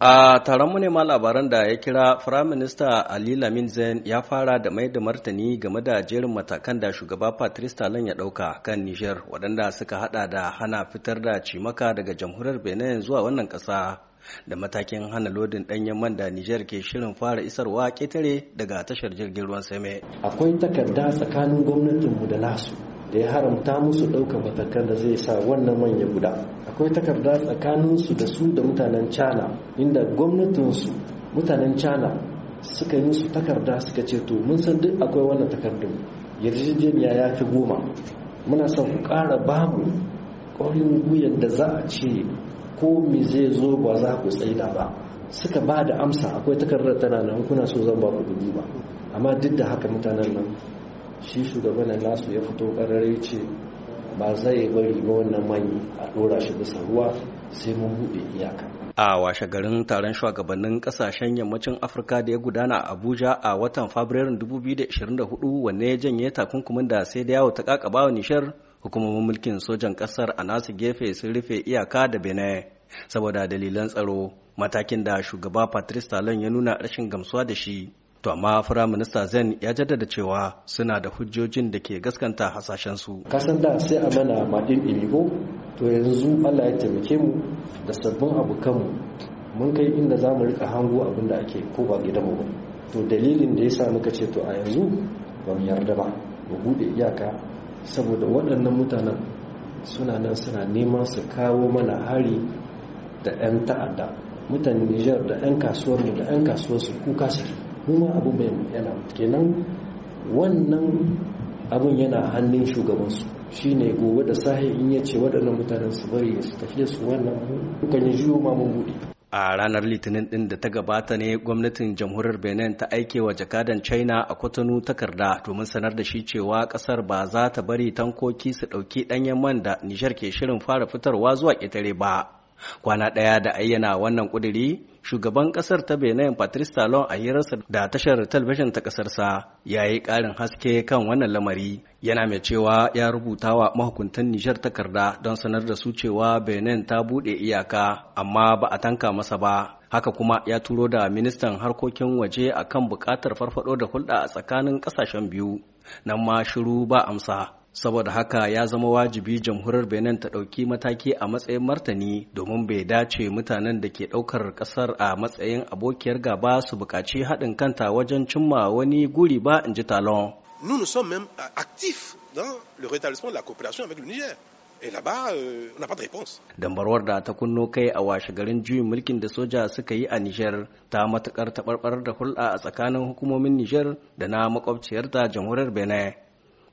A taron manema labaran da ya kira Firaminista Ali Lamin Zain ya fara da mai da martani game da jerin matakan da shugaba Patrice Talon ya ɗauka kan Niger, waɗanda suka hada da hana fitar da cimaka daga jamhuriyar Benin zuwa wannan ƙasa da matakin hana lodin ɗanyen man da Niger ke shirin fara isarwa ƙetare daga tashar jirgin ruwan sama Akwai takarda tsakanin gwamnatinmu da nasu da ya haramta musu ɗaukar matakan da zai sa wannan manyan guda akwai takarda tsakaninsu da su da mutanen cana inda gwamnatinsu mutanen cana suka yi su takarda suka ce to mun san duk akwai wannan takardun yarjejeniya ya fi goma muna son ku ƙara bamu ƙwarin guyan da za a ce ko me zai zo ba za ku tsaida ba suka ba da amsa akwai takardar tana nan kuna so zan ba ku dubu ba amma duk da haka mutanen nan shi shugaban nasu ya fito ƙarare ce ba zai bari ba wannan manyi a dora shi bisa ruwa sai mun buɗe iyaka a washe garin taron shugabannin kasashen yammacin afirka da ya gudana a abuja a watan fabrairun 2024 wanne ya janye takunkumin da sai da yawo ta kakaba nishar hukumomin mulkin sojan ƙasar a nasu gefe sun rufe iyaka da benin saboda dalilan tsaro matakin da shugaba patrice talon ya nuna rashin gamsuwa da shi To amma Minista Zen ya jaddada cewa suna da hujjojin da ke gaskanta hasashensu. Kasan da sai a mana madin ɗibigo, to yanzu Allah ya taimake mu da sabbin abu kanmu mun kai inda za mu rika hango abin da ake ko ba mu ba. To dalilin da ya sa muka ce to a yanzu ba mu yarda ba, mu buɗe iyaka saboda waɗannan mutanen suna nan suna neman su kawo mana hari da 'yan ta'adda. Mutanen Nijar da 'yan kasuwarmu da 'yan kasuwar su kuka suke. kuma abu mai yana kenan wannan abun yana hannun shugabansu shi ne gobe da sahi in ya waɗannan mutanen su bari su tafiye su wannan dukkan ya jiyo ma mun buɗe a ranar litinin din da ta gabata ne gwamnatin jamhuriyar benin ta aike wa jakadan china a kwatano takarda domin sanar da shi cewa kasar ba za ta bari tankoki su ɗauki ɗanyen man da Nijar ke shirin fara fitarwa zuwa ƙetare ba kwana ɗaya da ayyana wannan ƙuduri shugaban ƙasar ta benin patrice talon a hirarsa da tashar talabijin ta ƙasarsa ya yi ƙarin haske kan wannan lamari yana mai cewa ya rubuta wa mahukuntan nijar takarda don sanar da su cewa benin ta buɗe iyaka amma ba a tanka masa ba haka kuma ya turo da ministan harkokin waje akan buƙatar farfado da hulɗa a tsakanin ƙasashen biyu nan ma shiru ba amsa saboda haka ya zama wajibi jamhuriyar benin ta ɗauki mataki a matsayin martani domin bai dace mutanen da ke ɗaukar ƙasar a matsayin abokiyar gaba su buƙaci haɗin kanta wajen cimma wani guri ba in ji talon Nous, Dambarwar da ta kunno kai a washe garin juyin mulkin da soja suka yi a Nijar ta matukar taɓarɓar da hulɗa a tsakanin hukumomin Nijar da na makwabciyarta jamhuriyar Benin.